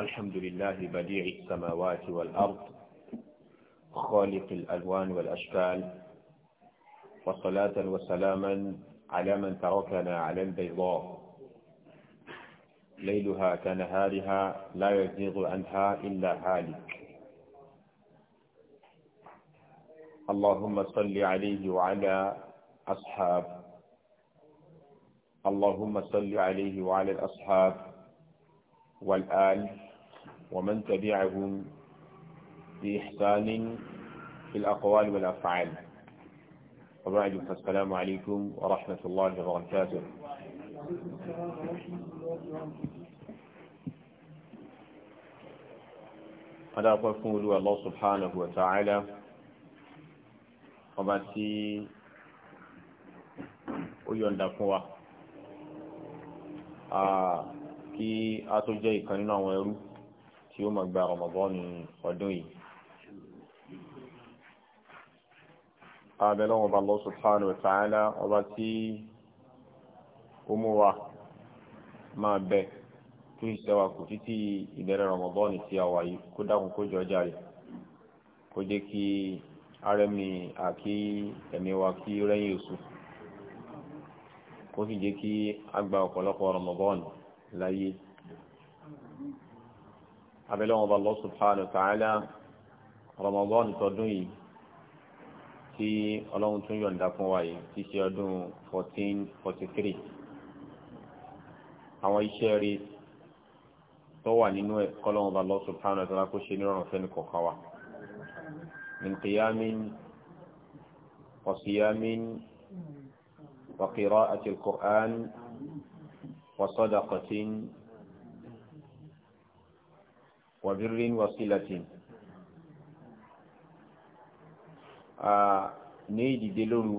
الحمد لله بديع السماوات والأرض خالق الألوان والأشكال وصلاة وسلاما على من تركنا على البيضاء ليلها كنهارها لا يزيغ عنها إلا هالك اللهم صل عليه وعلى أصحاب اللهم صل عليه وعلى الأصحاب والآل ومن تبعهم بإحسان في الأقوال والأفعال وبعد فالسلام عليكم ورحمة الله وبركاته أنا pẹ́ الله سبحانه وتعالى subhanahu wa ta'ala, ọba kí a tó jẹ́ ìkan nínú àwọn ẹrú tí ó máa gba Ramadan ọdún yìí abẹ́lẹ́ ọba Allah subhanahu wa ta'ala ọba tí ó mú wa máa bẹ tó ìṣẹ́wà kò títí ìbẹ̀rẹ̀ Ramadan tí a wà yìí kó dákun kó jọ járe kó jẹ́ kí arẹ́mi àkí ẹ̀mí wa kí rẹ́yìn oṣù kó sì jẹ́ kí a gba ọ̀pọ̀lọpọ̀ Ramadan láyé abẹ́lẹ́wọ̀n bá Allah subhanahu wa ta'ala Ramadan tọdún yìí tí ọlọ́run tún yọ̀ǹda fún wa yìí tí ṣe ọdún 1443 àwọn iṣẹ́ rí tó wà nínú ẹ̀ kọ́lọ́run bá Allah subhanahu wa ta'ala kó ṣe nírọ̀rùn fẹ́ni kọ̀ọ̀kan wa min qiyamin wa siyamin wa وصدقة وبر وصلة ní ìdìde lóru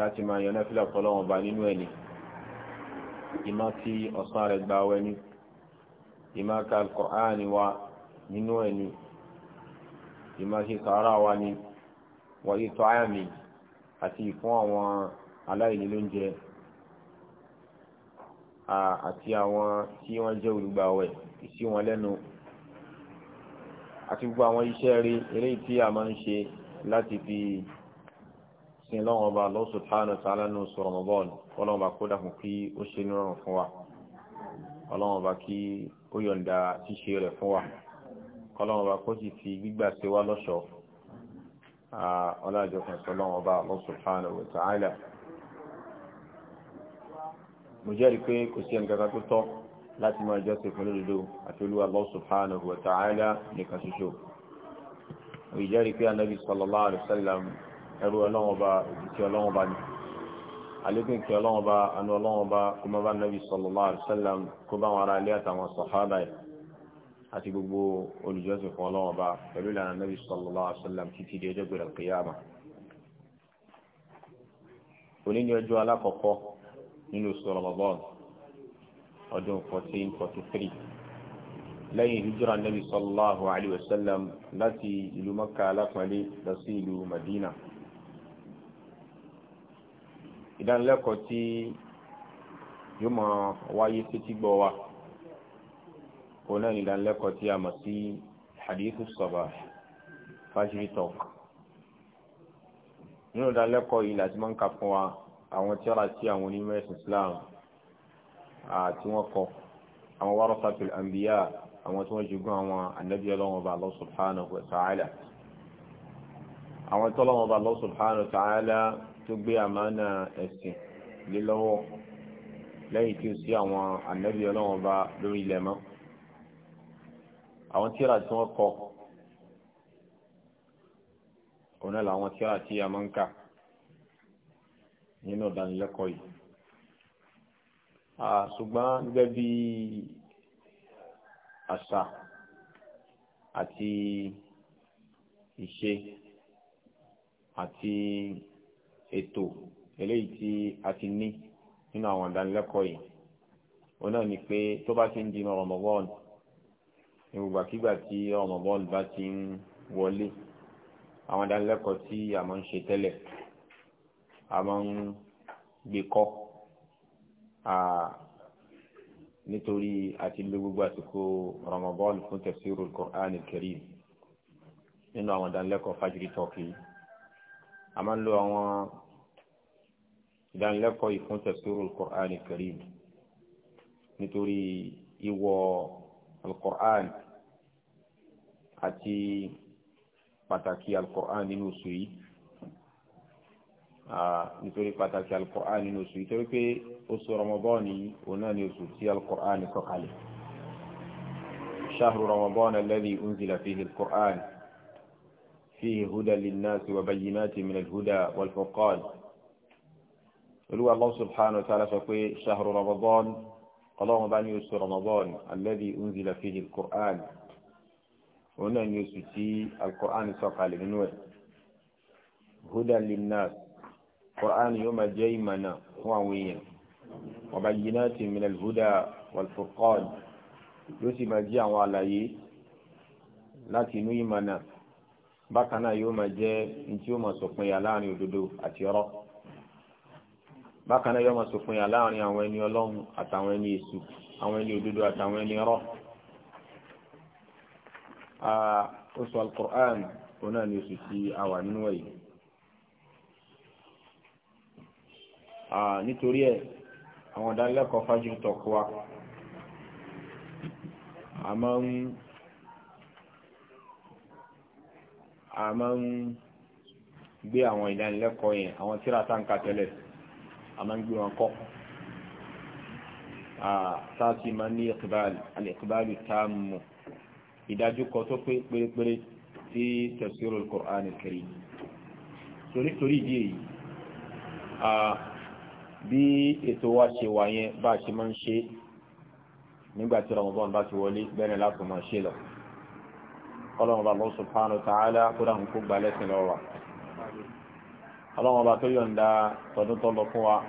láti máa yọ náfílà fọ́lọ́wọ́n bá nínú ẹni ìmá fi ọ̀sán rẹ̀ gba wẹni ìmá ka alkọ̀áàni wa nínú ẹni ìmá ṣe sàárà wa ni wà ìtọ́ àmì àti ìfún àwọn aláìní lóúnjẹ àti àwọn tí wọ́n jẹ́ olùgbàwẹ̀ sí wọn lẹ́nu àti gbogbo àwọn iṣẹ́ rí eléyìí tí a máa ń ṣe láti fi sin lọ́wọ́n ọba Allah subhanahu wa ta'ala nù sọ̀rọ̀ mọ́ bọ́ọ̀lù ọlọ́wọ́n ọba kó dàkún kí ó ṣe ní ọ̀rùn fún wa ọlọ́wọ́n ọba kí ó yọ̀ǹda ṣíṣe rẹ̀ fún wa ọlọ́wọ́n ọba kó sì fi gbígbà ṣe wá lọ́ṣọ̀ọ́ ọlọ́jọ́ kan sọ lọ́wọ́n ọba Allah mo jẹ́rìí pé kò sí ẹnìkan tó tọ́ láti máa jọ́sìn fún olódodo àti olúwa Allah subhanahu wa ta'ala nìkan ṣoṣo mo jẹ́rìí pé anabi sallallahu alayhi wa sallam ẹrú ọlọ́wọ́n ba òjìṣẹ́ ọlọ́wọ́n ba ni alekun kí ọlọ́wọ́n ba anú ọlọ́wọ́n ba kó má bá anabi sallallahu alayhi wa sallam kó bá wọn ara ilé àtàwọn sọ̀hábà àti gbogbo olùjọ́sìn fún ọlọ́wọ́n pẹ̀lú ìlànà anabi sallallahu alayhi títí di ọjọ́ gbèrè al-qiyamah alákọ̀ọ́kọ́ nínú oṣù Ramadan ọdún fourteen forty three lẹ́yìn hijira nabi sallallahu alayhi wa sallam láti ìlú Makka alápọ̀nlé lọ sí ìlú Madina ìdánilẹ́kọ̀ọ́ tí yóò máa wáyé sétí gbọ́ wa òun náà ní ìdánilẹ́kọ̀ọ́ tí a mọ̀ sí hadithu sabah fajiri talk nínú ìdánilẹ́kọ̀ọ́ yìí láti máa ń kà fún wa àwọn tíra tí àwọn onímọ̀ ẹ̀sìn Islam àti wọn kọ àwọn warasatul anbiya àwọn tí wọ́n jogún àwọn ànábì Ọlọ́run ọba Allah subhanahu wa ta'ala àwọn tí Ọlọ́run ọba Allah subhanahu wa ta'ala tó gbé àmánà ẹ̀sìn lé lẹ́yìn tí ó sí àwọn ànábì Ọlọ́run ọba lórí ilẹ̀ mọ́ àwọn tíra tí wọ́n kọ òun náà làwọn tíra tí a ń kà nínú ìdánilẹ́kọ̀ọ́ yìí ah, ṣùgbọ́n gẹ́gẹ́ bí àṣà àti ìṣe àti ètò eléyìí tí a ti ní nínú àwọn ìdánilẹ́kọ̀ọ́ yìí òun náà ni pé tó bá ti ń di Ramadan ìgbàkigbà tí Ramadan bá ti ń wọlé àwọn ìdánilẹ́kọ̀ọ́ tí a máa ń ṣe tẹ́lẹ̀ a máa ń gbé kọ́ nítorí àti lo gbogbo àsìkò Ramadan fún tafsirul Qur'an al-Karim nínú àwọn ìdánilẹ́kọ̀ọ́ fájìrì tọ́kì a máa ń lo àwọn ìdánilẹ́kọ̀ọ́ yìí fún tafsirul Qur'an al-Karim nítorí ìwọ al àti pàtàkì al nínú oṣù yìí nítorí pàtàkì alukur'an nínú oṣù nítorí pé oṣù rọmọbọ́n ni òun náà ni oṣù tí alukur'an sọ̀kalẹ̀ شهر رمضان الذي أنزل فيه القرآن فيه هدى للناس وبينات من الهدى والفرقان olúwa allah subhanahu wa ta'ala sọ pé ṣahru ramadan ọlọ́run bá ní oṣù ramadan alladhi unzila fihi alqur'an òun náà ní oṣù tí alqur'an sọ̀kalẹ̀ nínú ẹ̀ hudan linnas Quran yóò máa jẹ́ ìmọ̀nà fún àwọn èèyàn wa bayyinatin minal huda wal furqan yóò sì máa jẹ́ àwọn àlàyé láti inú ìmọ̀nà bákan náà yóò máa jẹ́ ní tí yóò máa sọ̀pin yà láàrin òdodo àti ọ̀rọ̀ bákan náà yóò máa sọ̀pin yà láàrin àwọn ẹni ọlọ́run àtàwọn ẹni èṣù àwọn ẹni òdodo àtàwọn ẹni ọ̀rọ̀ oṣù al-Qur'an òun náà ni oṣù tí a wà nínú ẹ̀yìn. nítorí ẹ̀ àwọn ìdánilẹ́kọ̀ọ́ fájú tọ̀kọ́ wa a máa ń a máa ń gbé àwọn ìdánilẹ́kọ̀ọ́ yẹn àwọn tíra táǹkà tẹ́lẹ̀ a máa ń gbé wọn kọ́ sáàtì máa ní al-iqbal ìdájúkọ tó pé pérépéré sí tafsirul Qur'an bí ètò wa ṣe wà yẹn bá a ṣe máa ń ṣe nígbà tí Ramadan bá ti wọlé bẹ́ẹ̀ láti máa ṣe lọ ọlọ́run bá Allah subhanahu wa ta'ala kó dáhùn kó gbà lẹ́sìn lọ́wọ́ ọlọ́run bá tó yọ̀ǹda tọdún tó lọ fún wa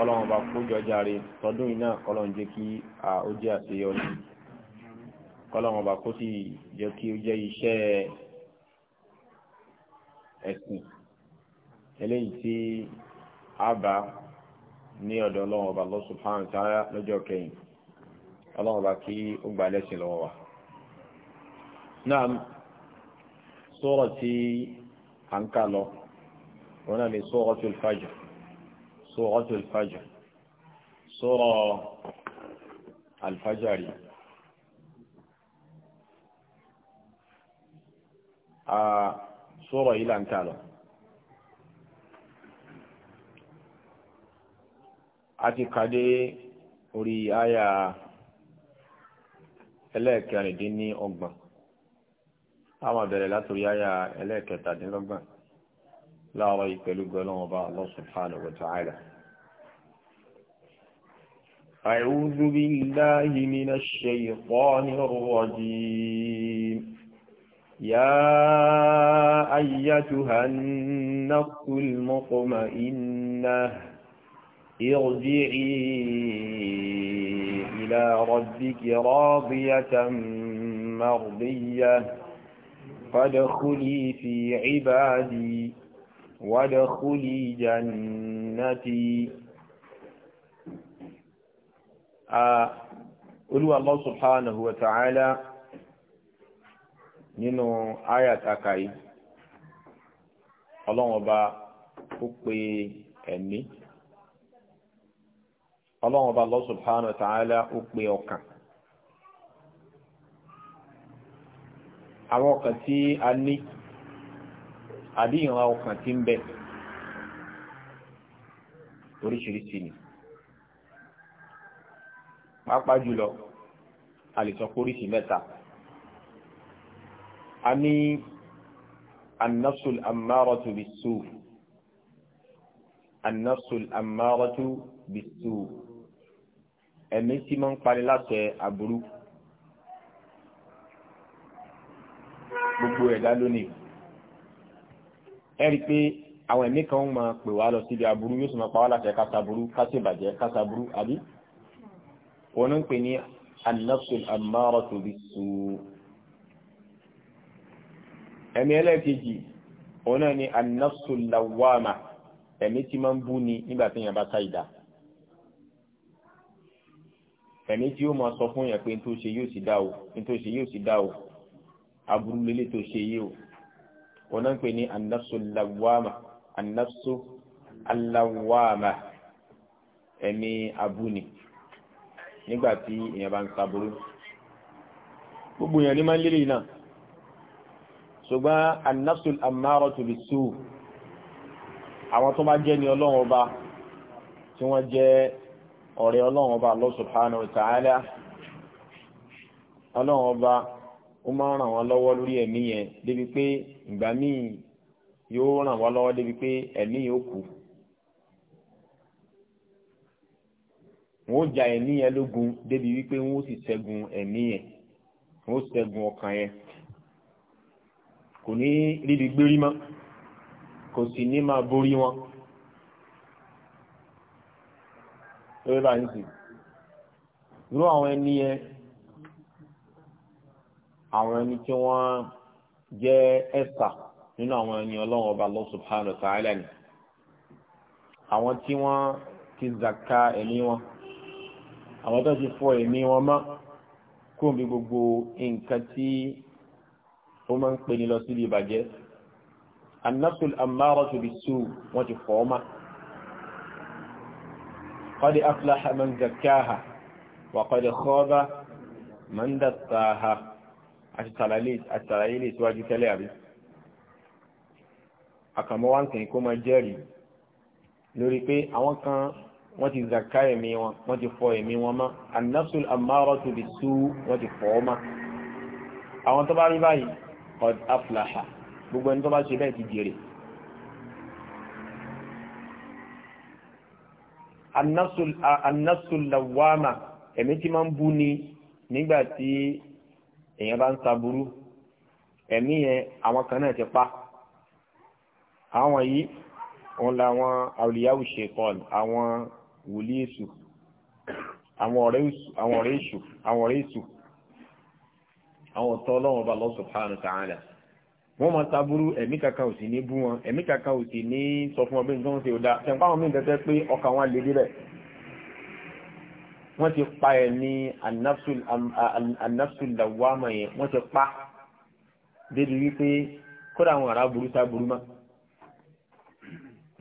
ọlọ́run bá kó jọjáre tọdún iná ọlọ́run jẹ́ kí ó jẹ́ àṣeyọrí ọlọ́run bá kó sì jẹ́ kí ó jẹ́ iṣẹ́ ẹ̀sìn eléyìí tí àbá ní ọ̀dọ̀ ọlọ́run ọba Allah subhanahu wa ta'ala lọ́jọ́ kẹyìn ọlọ́run ọba kí ó gbà lẹ́sìn lọ́wọ́ wa. náà sọ́rọ̀ tí à ń kà lọ wọn náà ní suratul fajr suratul fajr sura al-fajr rí. sọ́rọ̀ yìí là ń kà lọ. àti kàdé orí àyà ẹlẹ́ẹ̀kẹrìndínní ọgbọ̀n àwọn àbẹ̀rẹ̀ látòrí àyà ẹlẹ́ẹ̀kẹtàdínlọ́gbọ̀n láàárọ̀ yìí pẹ̀lú gbọ́lọ́wọ́ bá dubi subhanahu wa يا أيتها النفس المطمئنه ارجعي إلى ربك راضية مرضية فادخلي في عبادي وادخلي جنتي قلوا الله سبحانه وتعالى nínú ayàtàkàí ọlọ́run ọba ó pe ọlọ́run ọba Allah subhanahu wa ta'ala ó pe ọkàn. àwọn ọkàn tí a ní àbí ìran ọkàn tí ń bẹ oríṣiríṣi ni pàápàá jùlọ a oríṣi mẹ́ta a ní annafsul ammaratu bisu annafsul ammaratu bisu ẹ̀mí tí máa ń pani láṣẹ aburú gbogbo ẹ̀dá lónìí ẹ rí i pé àwọn ẹ̀mí kan máa pè wá lọ síbi aburú yóò sì máa pa wá láṣẹ kásaburú kásìbàjẹ́ kásaburú àbí wọn ń pè ní an-nafsul ammaratu suu ẹ̀mí ẹlẹ́ẹ̀kejì òun náà ni an-nafsul lawwama ẹ̀mí tí máa ń bú ni nígbà tí yẹn bá ta ìdá ẹ̀mí tí ó máa sọ fún yẹn pé n tó ṣe yóò sì dá o n tó ṣe yóò sì dá o aburú lélẹ̀ tó ṣe yìí o wọn náà ń pè ní anafso lawama anafso alawama ẹ̀mí abúni nígbà tí èèyàn bá ń saburú gbogbo èèyàn ní máa ń lélẹ̀ náà ṣùgbọ́n anafso amaratu bisu àwọn tó bá jẹ́ ní ọlọ́run ọba tí wọ́n jẹ́ ọ̀rẹ́ ọlọ́run ọba Allah subhanahu wa ọlọ́run ọba ó máa ràn wọ́n lọ́wọ́ lórí ẹ̀mí yẹn débi pé ìgbà míì yóò ràn wọ́n lọ́wọ́ débi pé ẹ̀mí yóò wọ́n ja ẹ̀mí yẹn lógun débi wípé wọ́n yẹn wọ́n ọkàn yẹn kò ní ríbi gbérí mọ́ kò sì ní máa borí wọn. lórí bá ń sì irú àwọn ẹni yẹn àwọn ẹni tí wọ́n jẹ́ ẹ̀sà nínú àwọn ẹni ọlọ́run ọba Allah subhanahu wa ta'ala ni àwọn tí wọ́n ti zaka ẹ̀mí wọn àwọn tó ti fọ ẹ̀mí wọn mọ́ kúrò bí gbogbo nǹkan tí ó máa ń pè ní lọ síbi ìbàjẹ́ annasul ammaratu bisu wọ́n ti fọ́ ọ́ máa. قد أفلح من زكاها وقد خاب من دساها àtàlàyé lè síwájú tẹ́lẹ̀ àbí àkàmọ́ wá ń sìn kó máa jẹ́rìí lórí pé àwọn kan wọ́n ti zaka ẹ̀mí wọn wọ́n ti fọ ẹ̀mí wọn mọ́ an-nafsul ammaratu bis-suu wọ́n ti fọ́ mọ́ àwọn tó bá rí báyìí qad aflaha gbogbo ẹni tó bá ṣe bẹ́ẹ̀ ti jèrè anásùlàwàmà ẹ̀mí tí máa ń bú ni nígbà tí èèyàn bá ń saburú ẹ̀mí yẹn àwọn kan náà ti pa àwọn yìí òun làwọn àwòlíyáwó ṣe kọ́ọ̀lù àwọn wòlíì èṣù àwọn ọ̀rẹ́ èṣù àwọn ọ̀tọ́ ọlọ́run ọba Allah subhanahu wa wọ́n máa taburú ẹ̀mí kàkà ò sì ní bú wọn ẹ̀mí kàkà ò sì ní sọ fún ọbẹ̀ nǹkan ṣe ò dáa ṣe ń pàwọn míì tẹ́tẹ́ pé ọkà wọn lè débẹ̀ wọ́n ti pa ẹ̀ ní anafsul lawama yẹn wọ́n ti pa débi wípé kódà àwọn ará burú sá burú mọ́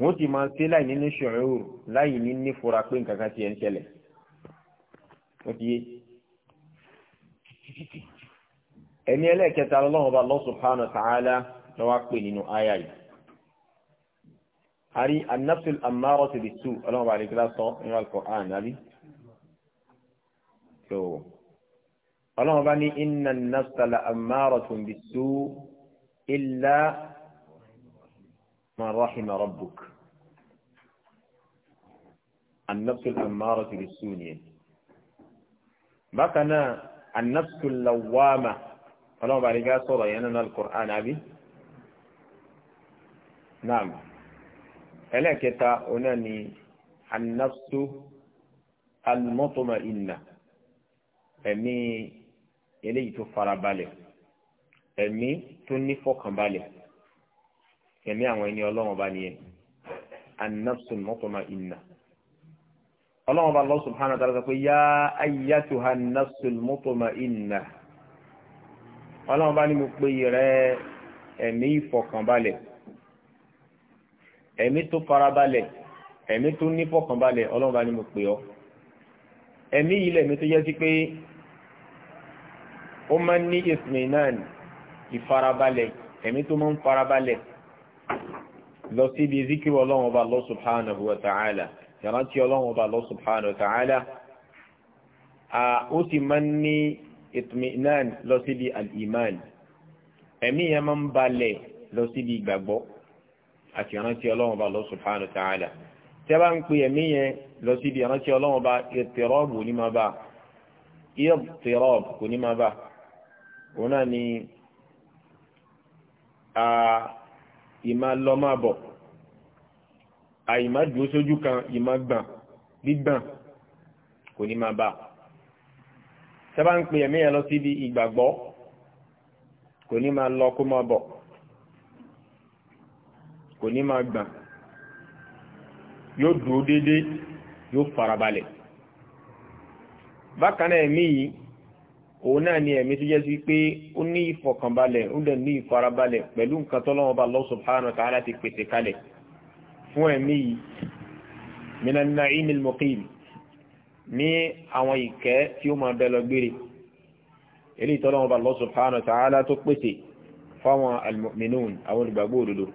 wọ́n ti máa ṣe láì nínú ṣòro láì ní nífura pé nǹkan kan ti ẹ̀ ń ṣẹlẹ̀ wọ́n ti yé ẹ̀mí ẹlẹ́ẹ̀kẹta lọ́wọ́ bá Allah subhanahu wa ta'ala ni wọ́n á pè nínú àyà yìí. a rí an-nafsul ammaratu bis-su' ọlọ́wọ́ bá rí kílá sọ nínú al-Qur'an nàbí. so ọlọ́wọ́ bá ní inna an-nafsa la'ammaratu bis-su' illa man rahima rabbuk. an-nafsul ammaratu bis-su' bákan náà an-nafsul lawwama ọlọ́run bá ní ká sọ̀rọ̀ yẹn nínú alukur'an àbí naam ẹlẹ́kẹta ọ̀nà ni anafsu alimọ́tòmá ìnà ẹ̀mí eléyìí tó farabalẹ̀ ẹ̀mí tó nífọ̀kànbalẹ̀ ẹ̀mí àwọn ẹni ọlọ́run bá nìyẹn anafsu alimọ́tòmá ìnà ọlọ́run bá lọ subhanahu wa sọ pé yá ayyatuha anafsu alimọ́tòmá ìnà ọlọ́run bá ní mo pe rẹ ẹ̀mí ìfọ̀kànbalẹ̀ ẹ̀mí tó farabalẹ̀ ẹ̀mí tó nífọ̀kànbalẹ̀ ọlọ́run bá ní mo pe ọ ẹ̀mí yìí lẹ̀mí tó yẹ sí pé ó máa ń ní ìsìn náà ìfarabalẹ̀ ẹ̀mí tó máa ń farabalẹ̀ lọ síbi zikiru ọlọ́run ọba Allah subhanahu wa ta'ala ìrántí ọlọ́run ọba Allah subhanahu wa ta'ala ó sì máa ń ní itminan lọ síbi al-iman ẹ̀mí yẹn máa ń balẹ̀ lọ síbi ìgbàgbọ́ àti ìrántí ọlọ́run bá lọ subhanahu wa ta'ala tí a bá ń pè ẹ̀mí yẹn lọ síbi ìrántí ọlọ́run bá ìtìrọ́ọ̀bù ní máa bá ìtìrọ́ọ̀bù ní máa bá òun náà ni ìmá lọ sójú kan ìmá gbọ̀n kò ní máa bá tẹ́bá ń pè ẹ̀mí yẹn lọ síbi ìgbàgbọ́ kò ní máa lọ kó máa bọ̀ kò ní máa gbà yóò dúró déédéé yóò farabalẹ̀ bákan náà ẹ̀mí yìí òun náà ni ẹ̀mí tó jẹ́ sí pé ó ní ìfọ̀kànbalẹ̀ ó dẹ̀ ní ìfarabalẹ̀ pẹ̀lú nǹkan tọ́lọ́wọ́n bá Allah subhanahu wa ta'ala ti pèsè kalẹ̀ fún ẹ̀mí yìí minan na'imil muqim ní àwọn ìkẹ́ tí ó máa bẹ lọ gbére eléyìí tí Ọlọ́run bá Allah subhanahu wa ta'ala tó pèsè fáwọn al-mu'minun àwọn olùgbàgbọ́ òdodo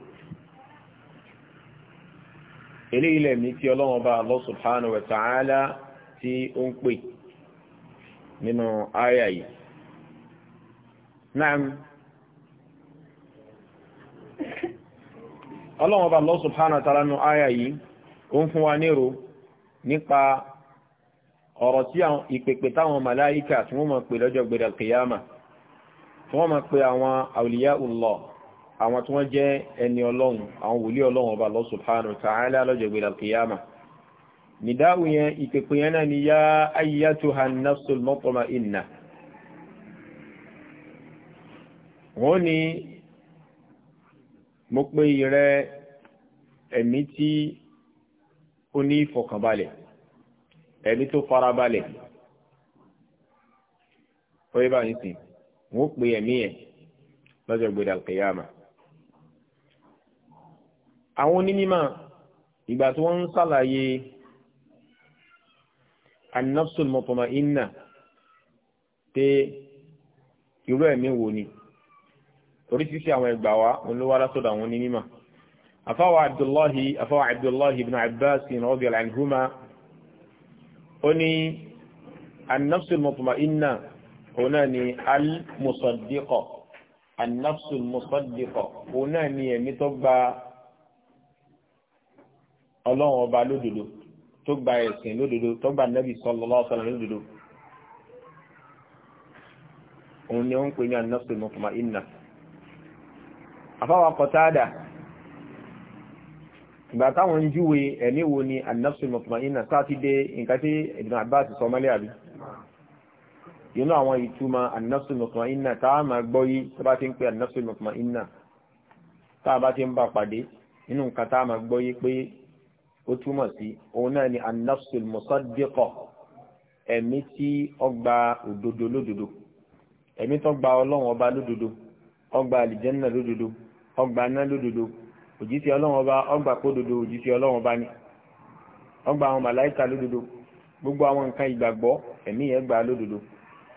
eléyìí lẹ̀mí tí Ọlọ́run bá Allah subhanahu wa ta'ala tí ó ń pè nínú àyà yìí náà Ọlọ́run bá Allah subhanahu wa nínú àyà yìí ó ń fún wa nípa ọ̀rọ̀ tí àwọn ìpèpè táwọn màláíkà tí wọ́n máa pè lọ́jọ́ gbẹ̀dẹ̀ kìyàmà tí wọ́n máa pè àwọn àwòlíyá Allah àwọn tí wọ́n jẹ́ ẹni ọlọ́run àwọn wòlí ọlọ́run ọba Allah subhanahu wa ta'ala lọ́jọ́ gbẹ̀dẹ̀ kìyàmà mo pe ìrẹ ẹ̀mí tí ó ní ìfọkànbalẹ̀ ẹni tó farabalẹ̀ oye bá ní sìn wọ́n pè ẹ̀mí ẹ̀ lọ́jọ́ gbẹ̀dà kẹyàmà àwọn onímọ̀ ìgbà tí wọ́n ń sàlàyé annafsul mọ̀tọ̀mọ̀ iná pé irú ẹ̀mí wo ni oríṣiríṣi àwọn ẹgbà wa wọn ló wá látọ̀dọ̀ àwọn onímọ̀ afáwà abdullahi afáwà abdullahi ibn abbas radiyallahu anhuma ó ní annafsul mutma'inna òun náà ni al-musaddiqa annafsul musaddiqa òun náà ni ẹ̀mí tó gba ọlọ́run ọba lódodo tó gba ẹ̀sìn lódodo tó gba nabi sallallahu lódodo òun ni ó ń pè ní annafsul mutma'inna afáwọn Qatada ìgbà táwọn ń júwe ẹ̀mí wo ni an-nafsul mutma'inna sátidé nǹkan tí Ibn Abbas sọ mọ́lẹ̀ àbí yínú àwọn ìtumọ̀ an-nafsul mutma'inna tá a máa gbọ́ yí tó bá ti ń pè an mutma'inna tá a bá ti ń bá pàdé nínú nǹkan tá a máa gbọ́ yí pé ó túmọ̀ sí òun náà ni an-nafsul musaddiqa ẹ̀mí tí ó gba òdodo lódodo ẹ̀mí tó gba ọlọ́run ọba lódodo ó àlìjẹ́nà lódodo ó gba lódodo òjíṣẹ́ ọlọ́run ọba ọgbà kó dodo òjíṣẹ́ ọlọ́run ọba ni ọgbà àwọn màláìka lódodo gbogbo àwọn nǹkan ìgbàgbọ́ ẹ̀mí yẹn gbà lódodo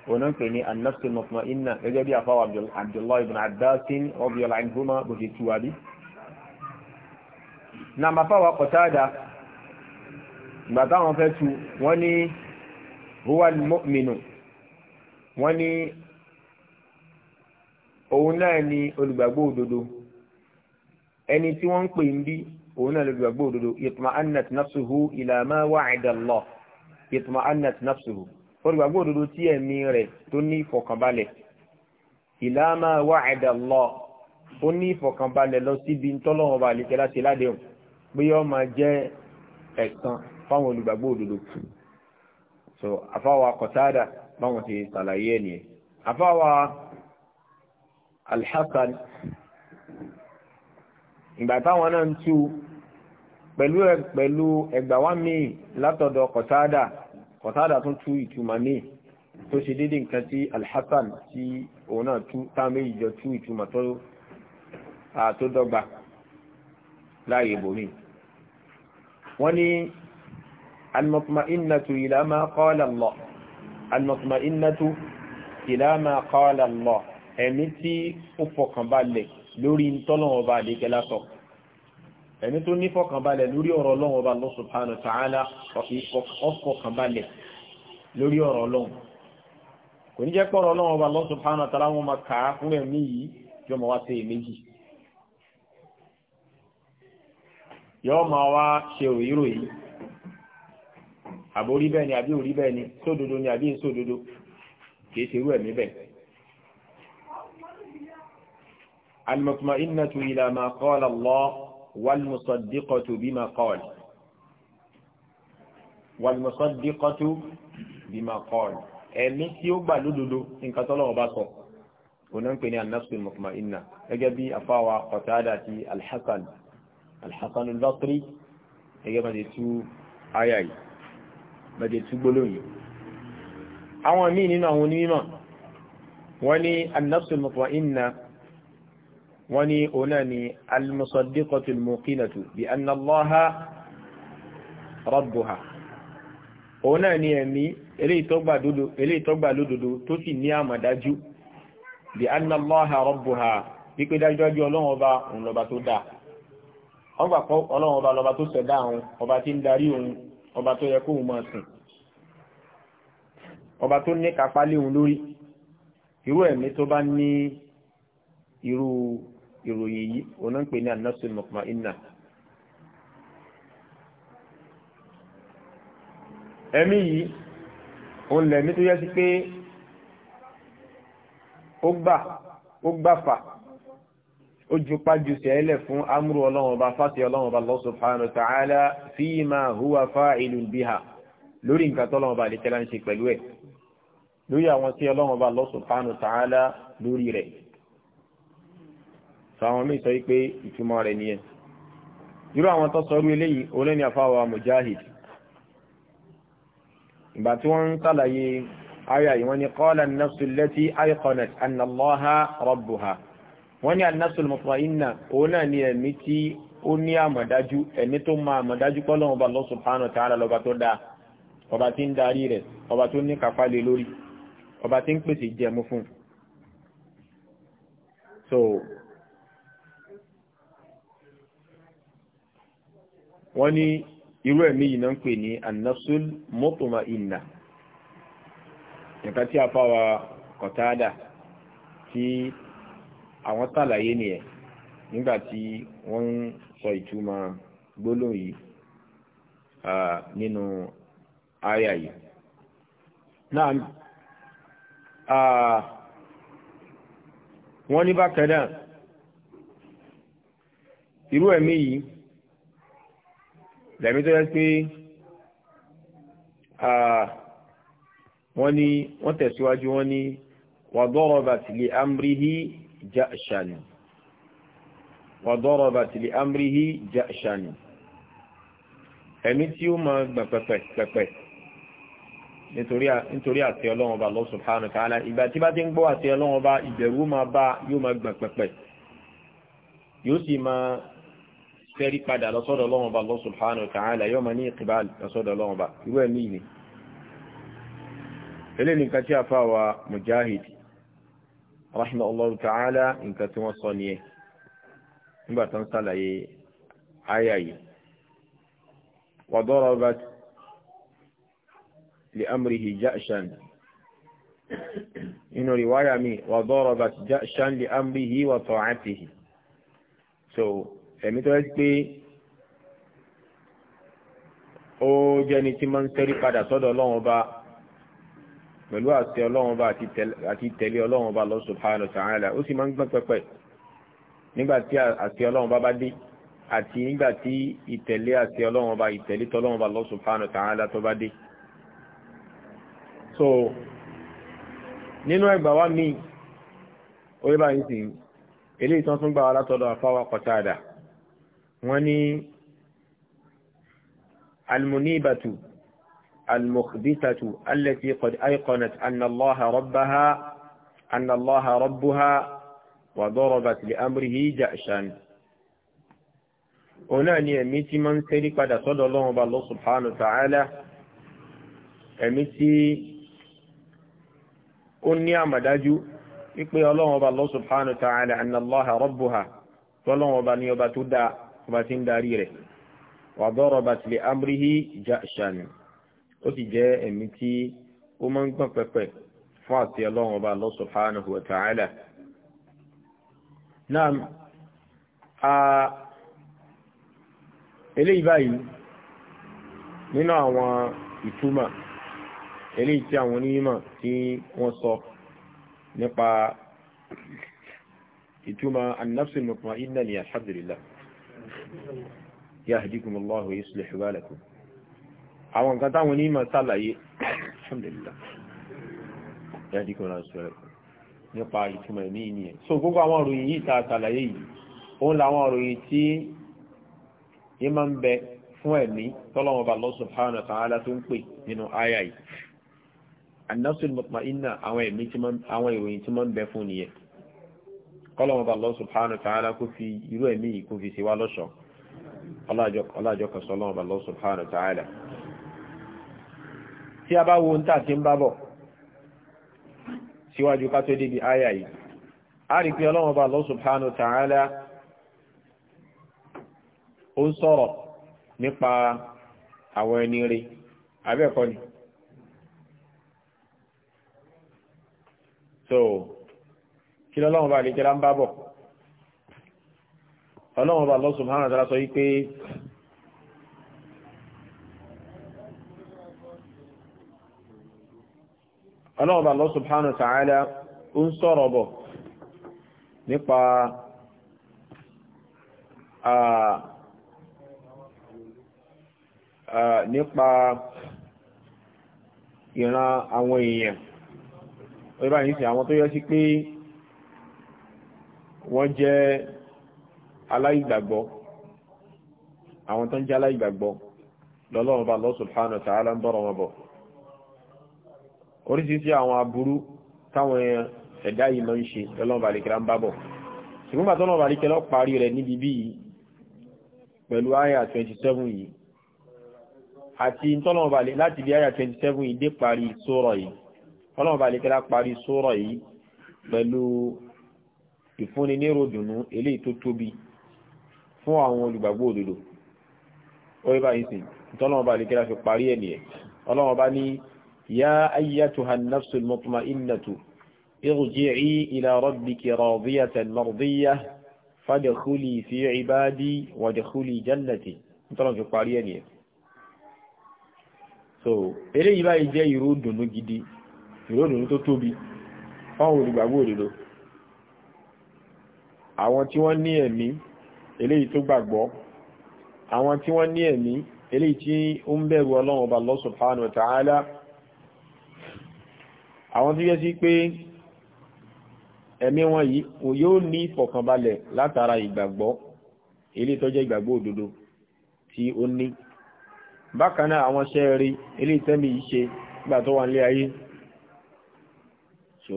òun náà ń pè ní an-nafsul mutma'inna gẹ́gẹ́ bí afáwọ̀ abdullahi ibn abdasin radiyallahu anhuma bó ti tuwa bí. na mafáwọ̀ Qatada ìgbà táwọn fẹ́ tu wọ́n ní huwa al wọ́n ní òun náà ni olùgbàgbọ́ òdodo ẹni tí wọ́n ń pè ń bí òun náà lọ́gbàgbọ́ òdodo yatma'annat nafsuhu ila ma wa'ada Allah yatma'annat nafsuhu olùgbàgbọ́ òdodo tí ẹ̀mí rẹ̀ tó ní ìfọ̀kànbalẹ̀ ila ma wa'ada Allah ó ní ìfọ̀kànbalẹ̀ lọ síbi tọ́lọ́wọ́n bá àlejò láti ládéhùn pé yọ́ máa jẹ́ ẹ̀san fáwọn olùgbàgbọ́ òdodo so afáwa Qatada báwọn ti ṣàlàyé ẹ̀ nìyẹn afáwa al ìgbà táwọn náà ń tú pẹ̀lú pẹ̀lú ẹgbà wá míì látọ̀dọ̀ kọ̀tádà kọ̀tádà tún tú ìtumọ̀ míì tó ṣe dédé nǹkan tí alhassan tí òun náà tú táwọn méjì jọ tú ìtumọ̀ tó dọ́gba láàyè bòmíì wọ́n ní المطمئنة إلى ما قال الله المطمئنة إلى ما ẹ̀mí tí ó fọkàn balẹ̀ lórí ntọ́lọ́wọ́n bá àdékẹ́lá sọ ẹni tó ní fọkànbalẹ̀ lórí ọ̀rọ̀ ọlọ́wọ́n bá lọ subhanahu ta'ala ọkọ̀kànbalẹ̀ lórí ọ̀rọ̀ ọlọ́wọ́n kò ní jẹ́ pọ̀rọ̀ ọlọ́wọ́n bá lọ subhanahu ta'ala wọn máa kà á fún ẹ̀mí yìí yọ máa wá sí èméjì yọ máa wá ṣe òyìnrò yìí àbórí bẹ́ẹ̀ ni àbí òrí bẹ́ẹ̀ ni sódodo ni àbí èsódodo kì í ṣerú ẹ̀mí bẹ́ẹ̀ المطمئنة إلى ما قال الله والمصدقة بما قال والمصدقة بما قال ẹ̀mí tí ó gbà lódodo nǹkan tọ́lọ́wọ́ bá sọ òun ń pè ní an-nafsul mutma'inna gẹ́gẹ́ bí afáwa Qatada àti alhassan alhassan al gẹ́gẹ́ bá ti tú gbólóyìn àwọn míì nínú àwọn onímọ̀ wọ́n ní an-nafsul wọ́n ní òun náà ni al-musaddiqatu al-muqinatu bi anna Allaha rabbuha òun náà ni ẹ̀mí eléyìí tó gbà lódodo tó sì ní àmọ̀dájú bi anna Allaha rabbuha wípé dájúdájú ọlọ́run ọba òun lọ́ba tó dáa wọ́n gbà pọ́ ọlọ́run ọba lọ́ba tó ṣẹ̀dá òun ọba tí ń darí òun ọba tó yẹ kóun máa sìn ọba tó ní kápá léhun lórí irú ẹ̀mí tó bá ní irú ìròyìn yìí òun náà ń pè ní anasul mutma'inna. ẹ̀mí yìí òun lẹ̀mí tó yẹ sí pé ó gbà ó gbàfà ó ju pájú sẹ́lẹ̀ fún amúrú ọlọ́run ọba fásitì ọlọ́run ọba Allah subhanahu wa ta'ala fima huwa fa'ilun biha lórí nǹkan tó ọlọ́run ọba àdékẹ́lá ń ṣe pẹ̀lú ẹ̀ lórí àwọn tí ọlọ́run ọba Allah subhanahu wa lórí rẹ̀ sàwọn míì sọ wípé ìtumọ̀ rẹ̀ nìyẹn irú àwọn tó sọrú eléyìí olóyìn afáwa mujahid ìgbà tí wọ́n ń sàlàyé ayà yìí wọ́n ni qala an-nafsu allati ayqanat anna Allaha rabbuha wọ́n ni an-nafsu al-mutma'inna òun náà ni ẹ̀mí tí ó ní àmọ̀dájú ẹ̀mí tó máa àmọ̀dájú pọ́lọ́wọ́n so wọ́n ní irú ẹ̀mí yìí náà ń pè ní anasul mọ́tòmá ìnà nǹkan tí a fáwa kọ̀tádà tí àwọn sàlàyé nìyẹn nígbà tí wọ́n ń sọ ìtumọ̀ gbólóhùn yìí nínú àyà yìí. náà wọ́n ní bákan náà irú ẹ̀mí yìí lẹ́mí tó yẹ pé wọ́n ní wọ́n tẹ̀síwájú wọ́n ní وضربت لأمره جأشا وضربت لأمره جأشا ẹ̀mí tí ó máa gbà pẹ̀pẹ̀pẹ̀pẹ̀ nítorí àti ọlọ́run ọba Allah subhanahu wa ta'ala ìgbà tí bá ti ń gbọ́ àti ọlọ́run ọba ìbẹ̀rù máa bá yóò máa gbà pẹ̀pẹ̀ yóò sì máa fẹ́rí padà lọ́sọ́dọ̀ Ọlọ́run Ọba Allah subhanahu wa ta'ala yóò máa ní ìkìbáàlì lọ́sọ́dọ̀ Ọlọ́run Ọba irú ẹ̀mí ni ilé ní nǹkan tí a fà wá Mujahid rahimahullahu ta'ala nǹkan tí wọ́n riwaya mi wa darabat ja'shan li amrihi wa ta'atihi so ẹ̀mí tó yẹ pé ó jẹ́ni tí máa ń tẹ́rí padà sọ́dọ̀ ọlọ́run ọba pẹ̀lú àṣẹ ọlọ́run ọba àti tẹ̀lé ọlọ́run ọba lọ subhanahu wa ta'ala ó sì máa ń gbọ́n pẹ́pẹ́ nígbà tí àṣẹ ọlọ́run ọba bá dé àti nígbà tí ìtẹ̀lé àṣẹ ọlọ́run ọba ìtẹ̀lé tọ́lọ́run ọba lọ subhanahu wa ta'ala tó bá dé. so nínú ẹgbà wa míì ó yẹ báyìí sìn eléyìí tán tún gbà wá látọ̀dọ̀ àfáwà Qatada wọ́n ní almunibatu almukhbitatu allati qad ayqanat anna allaha rabbaha anna allaha rabbuha wa darabat li amrihi ja'shan òun náà ni ẹ̀mí tí máa ń tẹ́rí padà sọ́dọ̀ ọlọ́run ọba Allah subhanahu wa ta'ala ẹ̀mí tí ó ní àmàdájú wípé ọlọ́run ọba Allah subhanahu wa ta'ala anna Allaha rabbuha ní ọba tó dáa ọba tí ń darí rẹ̀ wà dọ́rọ̀ bá tilẹ̀ amúríhì ìjà ìṣàní ó sì jẹ́ ẹ̀mí tí ó máa ń gbọ́n pẹpẹ fún àti ọlọ́run ọba Allah subhanahu wa ta'ala náà a eléyìí báyìí nínú àwọn ìtumọ̀ eléyìí tí àwọn onímọ̀ tí wọ́n sọ nípa ìtumọ̀ an-nafsul mutma'innah ní yahdikum Allahu wa yuslihu balakum àwọn nǹkan táwọn onímọ̀ sàlàyé alhamdulillah yahdikum Allahu wa nípa ìtumọ̀ ẹ̀mí ìnìyàn so gbogbo àwọn òròyìn yìí ta sàlàyé yìí òun làwọn òròyìn tí yìí máa ń bẹ fún ẹ̀mí tọ́lọ́wọ́n bá Allah subhanahu wa ta'ala tó ń pè nínú àyà yìí mutma'inna àwọn ìròyìn tí máa ń bẹ fún nìyẹn kọ́lọ́mọba Allah subhanahu ta'ala kó fi irú ẹ̀mí yìí kó fi ṣe wá lọ́ṣọ́ ọlájọ́ kan sọ́lọ́mọba subhanahu ta'ala tí a bá wo ń tà tí ń bá bọ̀ síwájú débi a rí pé kí lọ́lọ́run bá lè jẹ́ra ń bá bọ̀ ọlọ́run bá lọ́sùn márùn àtàrà sọ wípé ọlọ́run bá lọ́sùn márùn àtàrà ó ń sọ̀rọ̀ bọ̀ nípa nípa ìran àwọn èèyàn orí báyìí sí àwọn tó yọ sí pé wọ́n jẹ́ aláìgbàgbọ́ àwọn tó ń jẹ́ aláìgbàgbọ́ lọ́lọ́run bá lọ́sùn subhanahu wa ta'ala ń bọ̀rọ̀ wọn bọ̀ oríṣiríṣi àwọn aburú táwọn ẹ̀dá yìí máa ń ṣe lọ́lọ́run bá lèkìlá ń bá bọ̀ ṣùgbọ́n bàtọ́ lọ́run bá lèkìlá parí rẹ̀ níbi bí pẹ̀lú àyà 27 yìí àti tọ́lọ́run bá lè láti bí àyà 27 yìí dé parí sóòrọ̀ yìí tọ́lọ́run bá lèkìlá parí sóòrọ̀ yìí pẹ̀lú ìfúnni ní ròdùnú eléyìí tó tóbi fún àwọn olùgbàgbọ́ òdodo orí bá yìí sìn tọ́lọ́wọ́ bá lè kíra fi parí ẹ̀ nìyẹn ọlọ́wọ́ bá ní ya ayyatuha an-nafsul mutma'innatu irji'i ila rabbiki radiyatan mardiyah fadkhuli fi ibadi wadkhuli jannati àwọn tí wọ́n ní ẹ̀mí eléyìí tó gbàgbọ́ àwọn tí wọ́n ní ẹ̀mí eléyìí tí ó ń bẹ̀rù ọlọ́run ọba Allah subhanahu wa ta'ala àwọn tó yẹ sí pé ẹ̀mí wọn yìí yóò ní ìfọ̀kànbalẹ̀ látara ìgbàgbọ́ eléyìí tó jẹ́ ìgbàgbọ́ òdodo tí ó ní bákan náà àwọn iṣẹ́ rí eléyìí tẹ́mi yìí ṣe nígbà tó wà nílé ayé so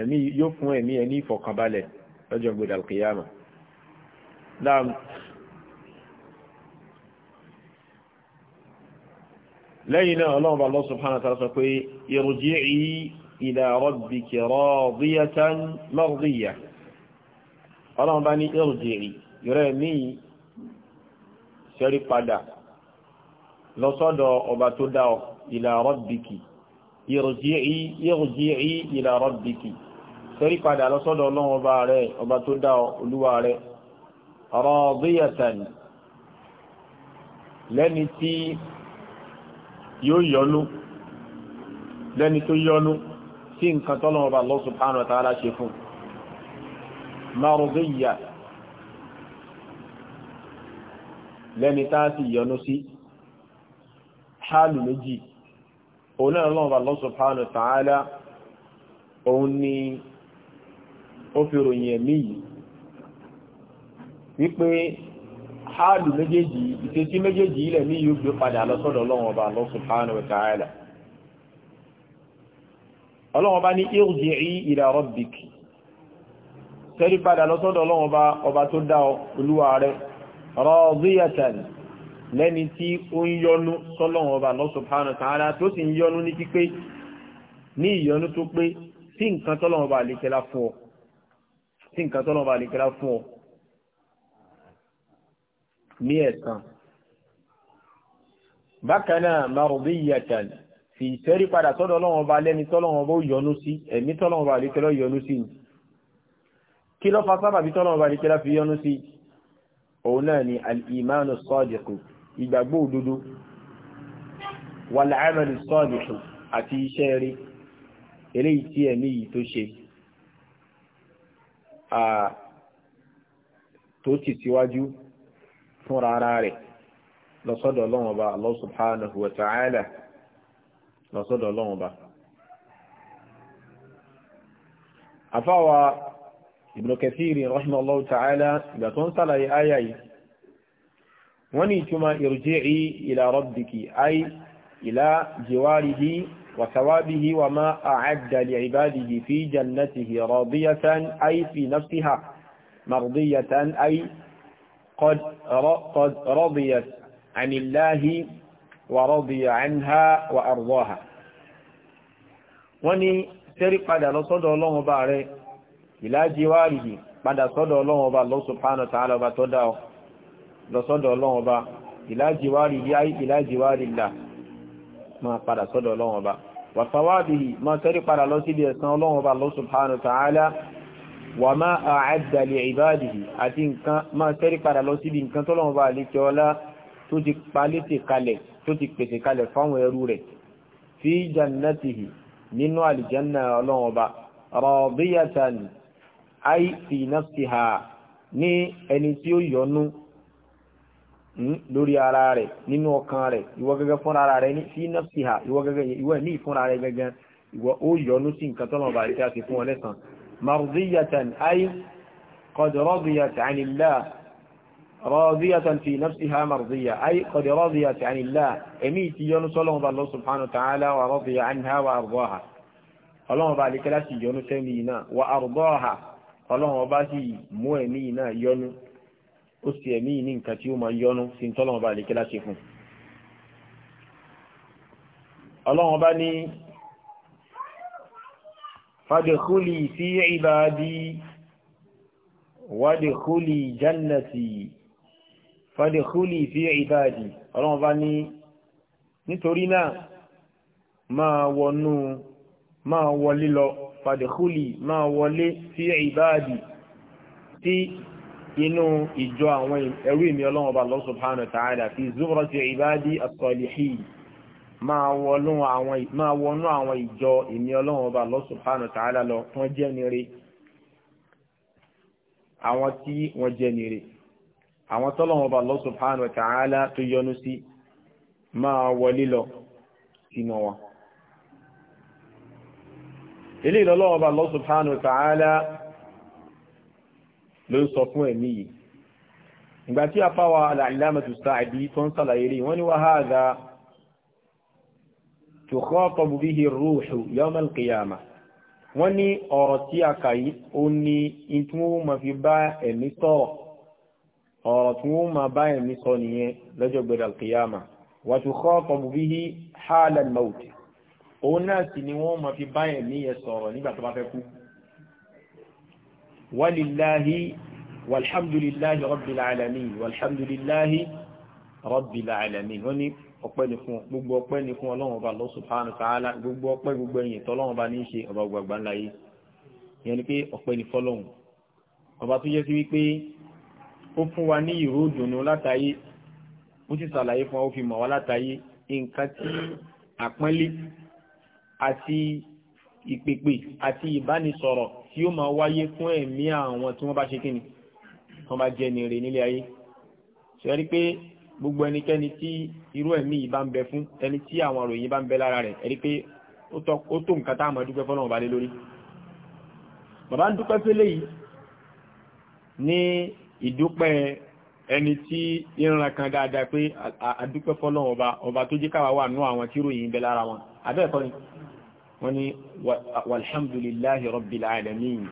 ẹ̀mí yóò fún ẹ̀mí ẹ̀ ní ìfọ̀kànbalẹ̀ lọ́jọ́ gbé dàlùkìyàmà náà lẹ́yìn náà ọlọ́run bá Allah subhanahu wa ta'ala sọ pé irji'i ila rabbiki radiyatan mardiyah ọlọ́run bá ní irji'i yọrẹ́ ní ṣẹ́rí padà lọ sọ́dọ̀ ọba tó dá ọ ila rabbiki irji'i irji'i ila rabbiki tẹ́rí padà lọ́sọ́dọ̀ ọlọ́run ọba rẹ̀ ọba tó dá olúwa rẹ̀ radiyatan lẹ́ni tí yóò yọnu lẹ́ni tó yọnu sí nǹkan tọ́lọ́run ọba Allah subhanahu wa ṣe fún marudiyya lẹ́ni tá sì yọnu sí hálù méjì òun náà subhanahu òun ni ó fi ròyìn ẹ̀mí yìí wípé háàlù méjèèjì ìṣesí méjèèjì ilẹ̀ ní yóò gbé padà lọ́sọ̀dọ̀ ọlọ́run ọba Allah subhanahu wa ta'ala ọlọ́run ọba ní irji'i ila rabbiki tẹ́rí padà lọ́sọ́dọ̀ ọlọ́run ọba ọba tó dá olúwa rẹ̀ radiyatan lẹ́ni tí ó ń yọnú sọ́lọ́run ọba Allah subhanahu wa ta'ala tó sì ń yọnú ní pípé ní ìyọnú tó pé sí nǹkan tọ́lọ́run ọba àlékẹ́lá fún ọ sí nǹkan tọ́lọ́ bá nìkẹ́lá fún ọ ní ẹ̀sán bákan náà mardiyatan fi ìtẹ́rí padà sọ́dọ̀ ọlọ́run ọba lẹ́ni tọ́lọ́run ọba ó yọ́nú sí ẹ̀mí tọ́lọ́run ọba àríkẹ́lá yọ́nú sí kí ló fa sábàbí tọ́lọ́run ọba àríkẹ́lá fi yọ́nú sí òun náà ni al-imanu sadiqu ìgbàgbọ́ òdodo wal-amalu sadiqu àti iṣẹ́ rí eléyìí tí ẹ̀mí yìí tó ṣe tó tì síwájú fúnra ara rẹ̀ lọ́sọ́dọ̀ ọlọ́run ọba Allah subhanahu wa ta'ala lọ́sọ́dọ̀ ọlọ́run ọba. àfáwa Ibn Kathir rahimahullahu ta'ala ìgbà tó ń sàlàyé àyà yìí wọ́n ní ìtumọ̀ irji'i ila rabbiki ay ila jiwarihi وثوابه وما أعد لعباده في جنته راضية أي في نفسها مرضية أي قد رضيت عن الله ورضي عنها وأرضاها وني سرق قد لصد الله باره إلى جواره بعد صد الله بار الله سبحانه وتعالى وتدعو لصد الله بار إلى جواره أي إلى جوار الله ما قد صد الله بار wa thawabihi máa tẹ́rí padà lọ síbi ẹ̀san ọlọ́run ọba Allah subhanahu wa ta'ala wa ma a'adda li ibadihi àti nǹkan máa tẹ́rí padà lọ síbi nǹkan tọ́lọ́run ọba àlékẹ́ ọlá tó ti palétè kalẹ̀ tó ti pèsè kalẹ̀ fáwọn ẹrú rẹ̀ fi jannatihi nínú àlìjánná ọlọ́run ọba radiyatan ay nafsiha ní ẹni tí ó yọ́nú Hmm? lórí ara rẹ̀ nínú ọkàn rẹ̀ ìwọ gẹ́gẹ́ fúnra rẹ̀ ní sí nọ́ọ̀sìhà ìwọ gẹ́gẹ́ ìwọ ní ìfúnra rẹ̀ gẹ́gẹ́ ìwọ ó yọnu sí nǹkan tọ́lọ̀ bá ìṣe àti fún ọ lẹ́sàn mardiyatan ay qad radiyat anillah radiyatan fi nafsiha mardiya ay qad radiyat anillah èmi ti yọnu sọ́lọ́run bá lọ subhanahu wa ta'ala wa radiya anha wa ardaha ọlọ́run ó sì ẹ̀mí ní nǹkan tí ó máa yọnu sí ń tọ́lọ́wọ́n bá àlékẹ́lá ṣe fún ọlọ́wọ́n bá ní fàdíkúlì sí ìbàdí wàdíkúlì jannati fàdíkúlì sí ìbàdí ọlọ́wọ́n bá ní nítorí náà máa wọnú máa wọlé lọ fàdíkúlì máa wọlé sí ìbàdí sí inú ìjọ àwọn ẹrú ìmí ọlọ́run ọba Allah subhanahu wa ta'ala fi zumrati ibadi as-salihin máa wọnú àwọn ìjọ ìmí ọlọ́run ọba Allah subhanahu wa ta'ala lọ tí wọ́n jẹ́ nire àwọn tí wọ́n jẹ́ nire àwọn tọ́lọ́run ọba Allah subhanahu wa tó yọ́nú sí máa wọlé lọ sínú wọn. ilé ìlọ́lọ́run ọba Allah subhanahu wa ló ń sọ fún ẹ̀mí yìí ìgbà tí a fáwa al-allamatu Sa'di tó ń sàlàyé rí wọ́n ní wa hadha tukhatabu bihi ar-ruhu yawm al-qiyamah wọ́n ní ọ̀rọ̀ tí a kà yìí ó ní tí wọ́n fi bá ẹ̀mí sọ̀rọ̀ walillahi walhamdulillahi rabbil alamin walhamdulillahi rabbil alamin wọ́n ní ọpẹ́ ni fún gbogbo ọpẹ́ ni fún ọlọ́run ọba Allah subhanahu wa ta'ala gbogbo ọpẹ́ gbogbo ẹ̀yìn tọ́lọ́run ọba ní í ṣe ọba gbàgbà ńlá yìí ìyẹn ni pé ọpẹ́ ni fọ́lọ́run ọba tó yẹ sí wípé ó fún wa ní ìró ìdùnnú látàyé ó sì ṣàlàyé fún wa ó fi mọ̀ wá látàyé nǹkan tí àpọ́nlé àti ìpèpè àti ìbánisọ̀rọ̀ tí ó máa wáyé fún ẹ̀mí àwọn tí wọ́n bá ṣe kíni wọ́n bá jẹ́ ní rè nílé ayé ṣe rí pé gbogbo ẹnikẹ́ni tí irú ẹ̀mí yìí bá ń bẹ fún ẹni tí àwọn ìròyìn bá ń bẹ lára rẹ̀ ẹ̀rí pé ó tó nǹkan tá a máa dúpẹ́ fọ́lọ́run lórí bàbá ń dúpẹ́ fẹ́lẹ́ yìí ní ìdúpẹ́ ẹni tí ìran kan dáadáa pé àdúpẹ́ fọ́lọ́run ọba tó jẹ́ káwa wà nú àwọn tí ìròyìn bẹ lára wọn abẹ́ẹ̀kọ́ ni wọ́n ní walhamdulillahi rabbil alamin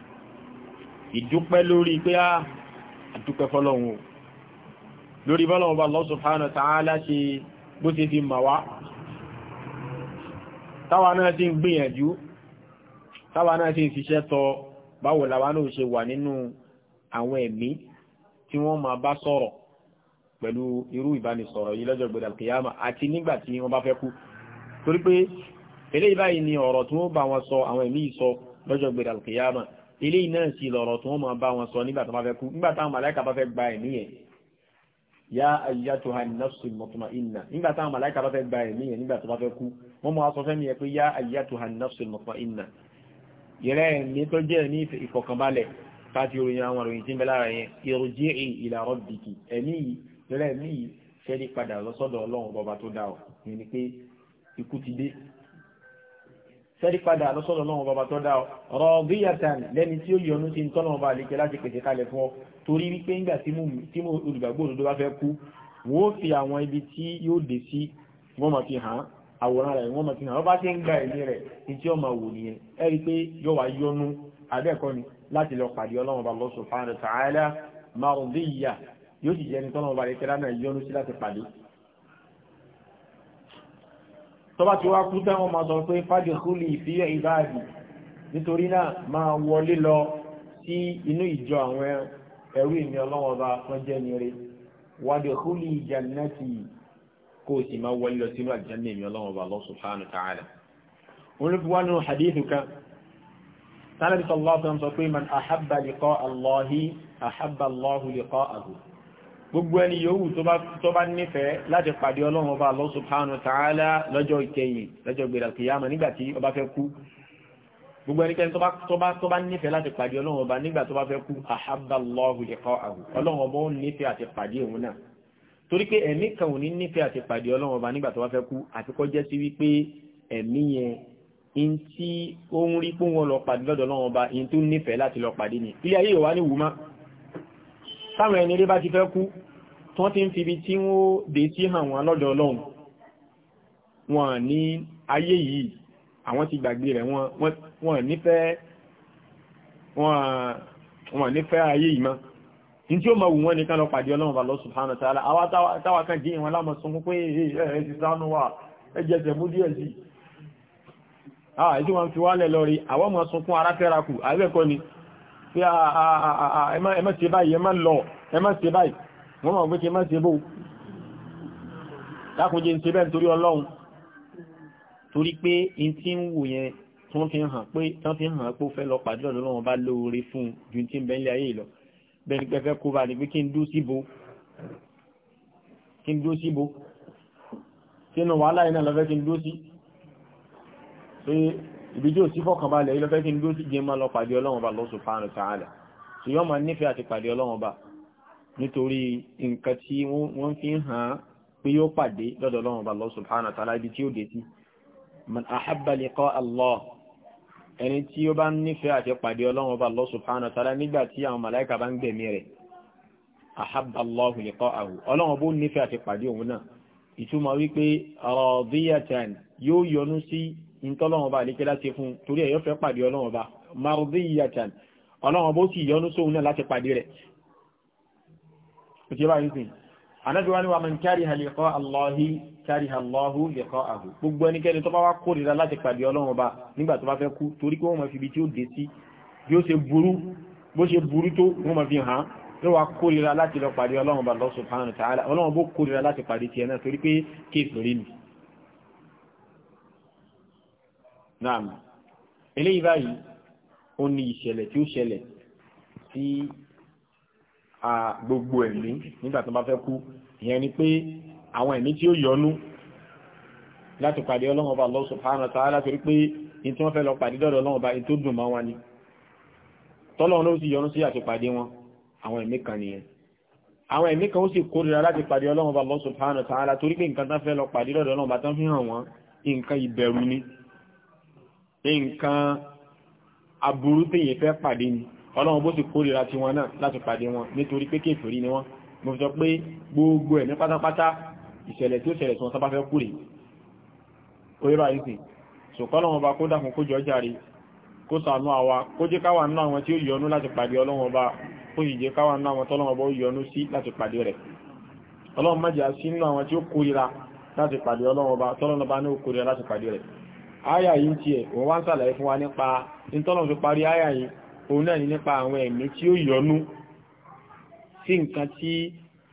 ìdúpẹ́ lórí pé á ah, àdúpẹ́ fọ́lọ́run o lórí bọ́lọ́run Allah subhanahu wa ta'ala ṣe bó ṣe fi mà wá táwa náà ti ń gbìyànjú táwa náà ti ń fiṣẹ́ tọ báwo làwa náà ṣe wà nínú àwọn ẹ̀mí tí wọ́n máa bá sọ̀rọ̀ pẹ̀lú irú ìbánisọ̀rọ̀ yìí lọ́jọ́ gbẹ̀dẹ̀ àti nígbà tí wọ́n bá fẹ́ kú torí pé eléyìí báyìí ni ọ̀rọ̀ tí wọ́n bá wọn sọ àwọn ẹ̀mí sọ lọ́jọ́ gbèrè alkiyama eléyìí náà sì lọ̀rọ̀ tí wọ́n máa bá wọn sọ nígbà tó bá fẹ́ kú nígbà táwọn màláìka bá fẹ́ gba ẹ̀mí yẹn yá ayyatuha nafsul mutma'inna nígbà táwọn màláìka bá fẹ́ gba ẹ̀mí yẹn nígbà tó bá fẹ́ kú wọ́n máa sọ fẹ́mi yẹn pé yá ayyatuha nafsul mutma'inna ìrẹ́ ẹ̀mí tó jẹ́ ẹ̀mí ìfọ̀kànbalẹ̀ káàkiri orin àwọn òròyìn tí ń bẹ lára yẹn irji'i ila rabbiki ẹ̀mí yìí ìrẹ́ ẹ̀mí yìí ṣẹ́rí padà lọ sọ́dọ̀ ọlọ́run bọba tó dá ọ ní pé ikú ti dé tẹ́rí padà lọ́sọ̀rọ̀ lọ́wọ́ bàbá tó dá rọ̀bíyàtàn lẹ́ni tí ó yọnu sí tọ́nà ọba àlejò láti pèsè kalẹ̀ fún ọ torí wípé ńgbà tí mo olùgbàgbọ́ òdodo bá fẹ́ kú wọ́n ó fi àwọn ibi tí yóò dé sí wọ́n máa fi hàn àwòrán rẹ̀ wọ́n máa fi hàn ọba tí ń gba ẹ̀mí rẹ̀ ní tí ó wò nìyẹn ẹ rí i pé yóò yọnu abẹ́ẹ̀kọ́ ni láti lọ pàdé ọlọ́run ọba subhanahu wa ta'ala tó bá ti wá kú tẹ́wọ́n ma sọ pé fàdíkúlì fi ìbáàdì nítorí náà máa wọlé lọ sí inú ìjọ àwọn ẹrú ìmì ọlọ́wọ́ bá wọ́n jẹ́ nire wàdíkúlì jannati kó o sì máa wọlé lọ sínú àjẹ́nà ìmì ọlọ́wọ́ bá Allah subhanahu wa ta'ala wọn ló fi wá nínú hadith kan tánàbí sallallahu sọ pé man ahabba liqa Allahi ahabba Allahu liqa'ahu gbogbo ẹni yòówù tó bá nífẹ̀ẹ́ láti pàdé ọlọ́run ọba Allah subhanahu wa ta'ala lọ́jọ́ ìkẹyìn lọ́jọ́ gbèrà kìyàmà nígbàtí ó bá fẹ́ kú gbogbo ẹnikẹ́ni tó bá nífẹ̀ẹ́ láti pàdé ọlọ́run ọba nígbà tó bá fẹ́ kú ahabballahu liqa'ahu ọlọ́run ọba ó nífẹ̀ẹ́ àti pàdé òun náà torí pé ẹ̀mí kan ò ní nífẹ̀ẹ́ àti pàdé ọlọ́run ọba nígbà ó ni ilé ayé yóò wá ní wùmá sáwọn ẹni rí bá ti fẹ́ kú tí wọ́n ti ń fi ibi tí wọ́n dé sí hàn wọn lọ́dọ̀ ọlọ́run wọn ní ayé yìí àwọn ti gbàgbé rẹ̀ wọn nífẹ̀ẹ́ wọn nífẹ̀ẹ́ ayé yìí mọ́ tí tí ó ma wù wọn nìkan lọ pàdé ọlọ́run bá lọ subhanahu wa ta'ala àwa táwa kan dín ìwọn lámọ̀ sunkún pé ẹ̀ ti sánú wà ẹ jẹsẹ̀ mú díẹ̀ sí i àà ìdí wọn fi wálẹ̀ lọ rí àwọn ọmọ sunkún aráfẹ́rakù àbẹ́ẹ̀kọ́ ni pé ah, ah, ah, ẹmọ́ ṣe báyìí ẹmọ́ lọ ẹmọ́ ṣe báyìí wọ́n mọ̀ pé kí ẹmọ́ ṣe bó lákùnjẹ́ ń ṣe bẹ́ẹ̀ torí ọlọ́run torí pé in tí ń wù yẹn tó fi hàn pé tó fi hàn pé ó fẹ́ lọ pàdé ọ̀dọ́ lọ́wọ́ bá lóore fún ju tí ń bẹ ilé ayé lọ bẹ́ẹ̀ ni pẹ́fẹ́ kó bá ní pé kí n dúró síbo kí n dúró síbo sínú wàhálà yìí náà lọ́fẹ́ kí n dúró sí ibi tí ò sí fọkànbalẹ̀ yìí lọ́fẹ́ kí n dúró sí jẹ́ máa lọ pàdé ọlọ́run ọba lọ́sùn fáànù tààlà tí yọ́ máa nífẹ̀ẹ́ àti pàdé ọlọ́run ọba nítorí nǹkan tí wọ́n fi ń hàn pé yóò pàdé lọ́dọ̀ ọlọ́run ọba lọ́sùn fáànù tààlà ibi tí ó dé sí. man ahabba liqa Allah ẹni tí ó bá nífẹ̀ẹ́ àti pàdé ọlọ́run ọba lọ́sùn fáànù tààlà nígbà tí àwọn màláìka bá ń gbẹ̀mí rẹ̀ ahabba Allah ìtọ́lọ́wọ́n bá àlékẹ́lá ṣe fún torí ẹ̀yọ́ fẹ́ pàdé ọlọ́wọ́n bá mardiyatan ọlọ́wọ́n bó sì yọ́nú sóhun náà láti pàdé rẹ̀ òtí bá yín sìn anábì wá ní wa man kariha liqa Allahi kariha Allahu liqa'ahu gbogbo ẹnikẹ́ni tó bá wá kórìíra láti pàdé ọlọ́wọ́n bá nígbà tó bá fẹ́ kú torí pé wọ́n máa fi ibi tí ó dé sí bí ó ṣe burú bó ṣe burú tó wọ́n máa fi hàn ló wá kórìíra láti lọ pàdé ọlọ́wọ́n bá Allah subhanahu wa ta'ala ọlọ́wọ́n bó kórìíra láti pàdé tiẹ̀ náà torí pé kéèkì rí ni náà eléyìí báyìí ó ní ìṣẹ̀lẹ̀ tí ó ṣẹlẹ̀ sí gbogbo ẹ̀mí nígbà tó bá fẹ́ kú ìyẹn ni pé àwọn ẹ̀mí tí ó yọnú láti pàdé ọlọ́run ọba Allah subhanahu wa ta'ala torí pé in tí wọ́n fẹ́ lọ pàdé dọ́dọ̀ ọlọ́run ọba in tó dùn máa wọn ni tọ́lọ́run ó sì yọnú sí àti pàdé wọn àwọn ẹ̀mí kan nìyẹn àwọn ó sì kórìíra láti pàdé ọlọ́run ọba Allah subhanahu wa torí pé nǹkan tán fẹ́ lọ pàdé dọ́dọ̀ ọlọ́run ọba tán fi hàn nǹkan ìbẹ̀rù ni nǹkan aburú téèyàn fẹ́ pàdé ni ọlọ́run bó sì kórìíra ti wọn náà láti pàdé wọn nítorí pé kéfèrí ni wọn mo fi sọ pé gbogbo ẹ̀ ní pátápátá ìṣẹ̀lẹ̀ tí ó ṣẹlẹ̀ tí wọn sábà fẹ́ kúrè orí bá yìí sì sòkọ́lọ́wọ́n ọba kó dákun kó jọ jàre kó ṣàánú àwa kó jẹ́ káwa nínú àwọn tí ó yọnú láti pàdé ọlọ́wọ́n ọba kó sì jẹ́ káwa nínú àwọn tọ́lọ́wọ́n ọba ó yọnú sí láti pàdé rẹ̀ ọlọ́run má jẹ́ sí nínú àwọn tí ó kórìíra láti pàdé ọlọ́wọ́n ọba tọ́lọ́wọ́n ọba ní ó kórìíra láti pàdé rẹ̀ àyà yìí ti ẹ̀ wọ́n wá ń sàlàyé fún wa nípa ìtọ́lọ̀ fi parí àyà yìí òun náà ni nípa àwọn ẹ̀mí tí ó yọnú sí nǹkan tí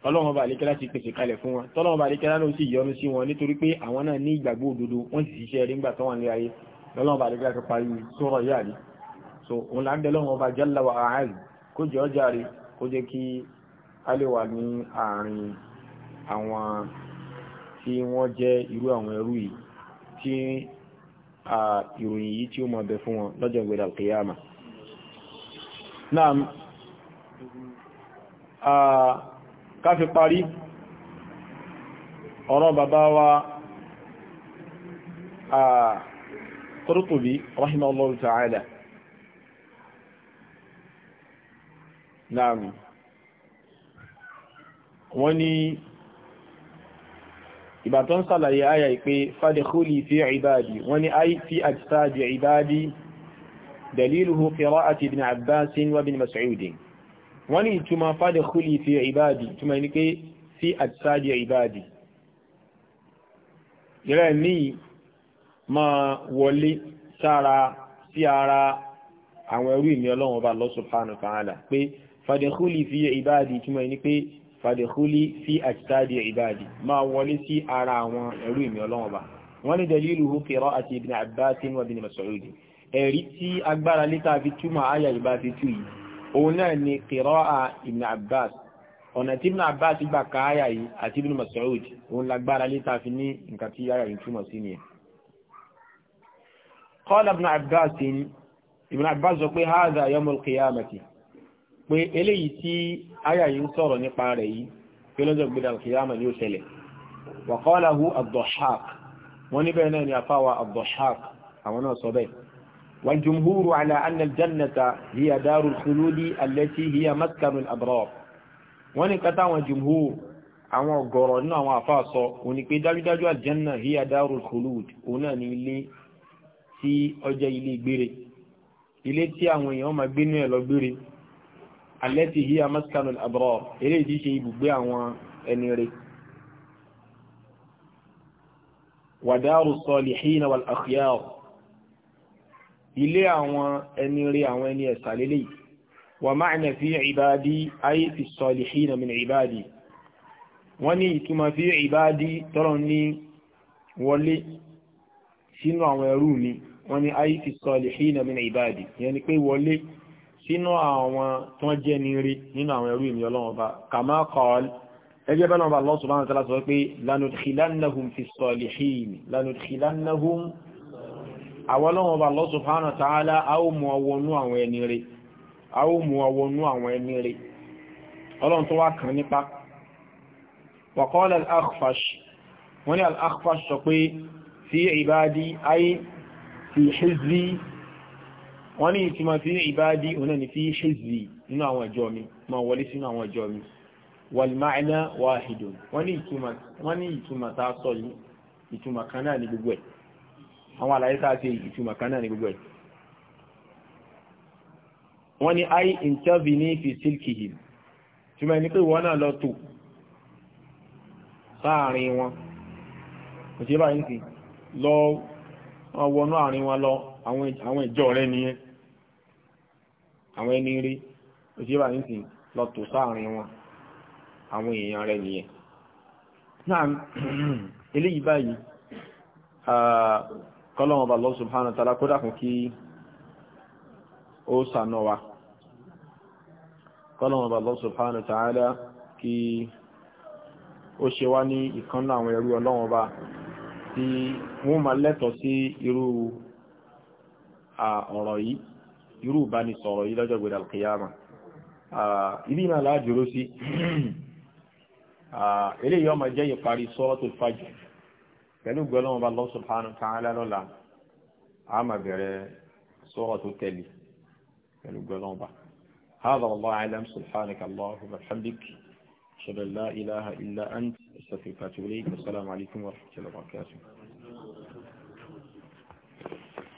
ọlọ́run bá lékẹ́lá ti pèsè kalẹ̀ fún wọn tọ́lọ́run bá lékẹ́lá ló sì yọnú sí wọn nítorí pé àwọn náà ní ìgbàgbọ́ òdodo wọ́n sì ṣiṣẹ́ rí ńgbà tó wà ní ayé lọ́lọ́run bá lékẹ́lá fi parí sọ́rọ̀ yà rí so òun là lọ́run ọba jalla wa àárẹ̀ kó jẹ́ ọjà rí kó jẹ́ kí a lè wà ní àárín àwọn tí wọ́n jẹ́ irú àwọn ẹrú yìí tí ìròyìn yìí tí ó máa bẹ fún wọn lọ́jọ́ ìgbèdà náà káfí parí ọ̀rọ̀ bàbá wa ta'ala náà wọ́n ìbàtán sàlàyé ayà ìpé fadkhuli fi ibadi wọ́n ni ay fi ajsadi ibadi daliluhu qira'ati ibn abbas wa ibn mas'ud wọ́n ni ìtumọ̀ fadkhuli fi ibadi túnmọ̀ ní pé fi ajsadi ibadi ìrẹ́ ní ma wọlé sára sí ara àwọn ẹrú ìmì ọlọ́run ọba Allah subhanahu wa ta'ala pé fadkhuli fi ibadi túnmọ̀ ní pé fàdíkúlí sí àjítàdì ìbáàdì máa wọlé sí ara àwọn ẹrú ìmì ọlọ́wọ́ bá wọ́n ní dalilu hukira àti ibn abbas wa bin masaudi ẹ̀rí tí agbára lítà fi túmọ̀ àyà ìbá fi tú yìí òun náà ni qira'a ibn abbas ọ̀nà tí ibn abbas gbà ka àyà yìí àti ibn masaudi òun lágbára pé eléyìí tí àyà yìí ń sọ̀rọ̀ nípa rẹ̀ yìí kí lọ́jọ́ gbé dàrú kìyàmà ní ó ṣẹlẹ̀ wa qalahu ad-Dahhak wọ́n níbẹ̀ náà ni àfáwà ad-Dahhak àwọn náà sọ bẹ́ẹ̀ wal wọ́n ní kátà àwọn ilé tí àwọn èèyàn máa gbénú ẹ̀ lọ alẹ́tì hí amaskanu abrar eré ìdí ṣe ibùgbé àwọn ẹni rẹ̀ wàdáàrù sọlihina wal akhyar ilé àwọn ẹni rẹ̀ àwọn ẹni ẹ̀sà lélẹ̀ wà máàna fi ìbádi ayé fi sọlihina min ìbádi wọ́n ní ìtumọ̀ fi ìbádi tọ́rọ ní wọlé sínú àwọn ẹrú mi wọ́n ní ayé fi sọlihina min ìbádi yẹn pé wọlé sínú àwọn tó ń jẹ́ ní rí nínú àwọn ẹrú ìmì ọlọ́run ọba kàmá kọ́ọ̀lù ẹgbẹ́ bẹ́ẹ̀ náà Allah subhanahu wa ta'ala sọ pé lanudkhilannahum fi salihin lanudkhilannahum àwọn ọlọ́run ọba Allah subhanahu wa ta'ala a ó mú ọwọ́nú àwọn ẹni rí a ó mú ọwọ́nú wọ́n ní ìtumọ̀ sí ìbáàdí ọ̀nà ní fi nínú àwọn ìjọ mi ma wọlé sínú àwọn ìjọ mi wọ́n ní ìtumọ̀ tá sọ ìtumọ̀ kan náà ní gbogbo ẹ̀ àwọn àlàyé tá ṣe ìtumọ̀ kan náà ní gbogbo ẹ̀ wọ́n ní fi túnmọ̀ ní pé wọ́n náà lọ sáàrin wọn òṣèlú àyíkì lọ wọnú àárín wọn àwọn ìjọ rẹ nìyẹn àwọn ẹni rí òṣèlú àyíǹsì lọ tò sáàrin wọn àwọn èèyàn rẹ nìyẹn náà eléyìí báyìí kọ́lọ́wọ́n bá Allah subhanahu wa ta'ala kó dákun kí ó sànà wa kọ́lọ́wọ́n bá Allah subhanahu wa ta'ala kí ó ṣe wá ní ìkan náà àwọn ẹrú ọlọ́wọ́n bá tí wọ́n máa lẹ́tọ̀ọ́ sí irú ọ̀rọ̀ yìí irú ìbánisọ̀rọ̀ yìí lọ́jọ́ gbẹ̀dẹ̀ alkiyama ibi náà láàdúró sí eléyìí ọmọ jẹ́ ìparí suratul fajr pẹ̀lú gbọ́lọ́wọ́n bá Allah subhanahu wa ta'ala lọ́la a máa bẹ̀rẹ̀ sọ́rọ̀ tó tẹ̀lé pẹ̀lú gbọ́lọ́wọ́n bá هذا والله أعلم سبحانك اللهم وبحمدك أشهد أن لا إله إلا أنت أستغفرك وأتوب إليك والسلام عليكم ورحمة الله وبركاته